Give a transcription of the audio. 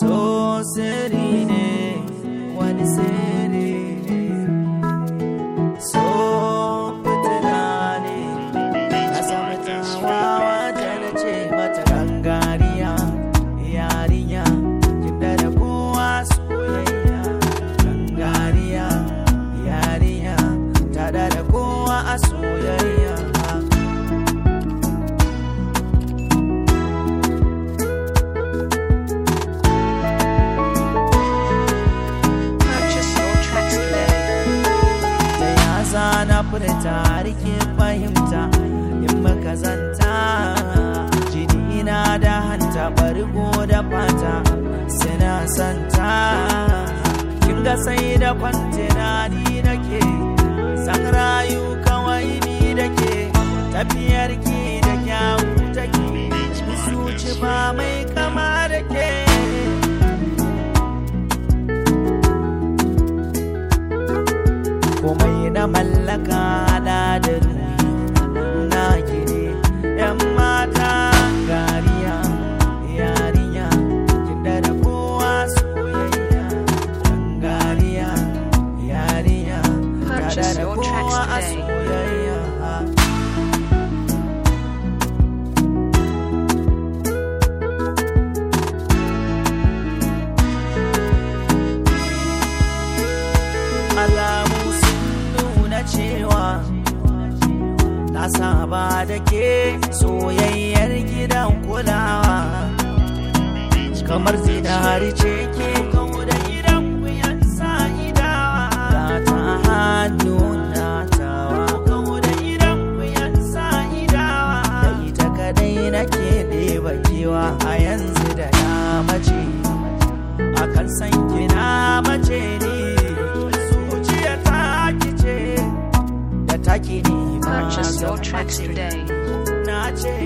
So serene, one eh? serene. na furta rike fahimta in makazanta jini na da hanta bargo da fata suna santa kin ga sai da na ni nake san rayu kawai ni dake tafiyar ki da kyawu take zuci ba mai kama da ke purchase your tracks today. cewa na saba da ke soyayyar gidan kulawa kamar zinari ce ke a yanzu da na mace akan san na mace ne zuciya ta kice da take ne ma na ce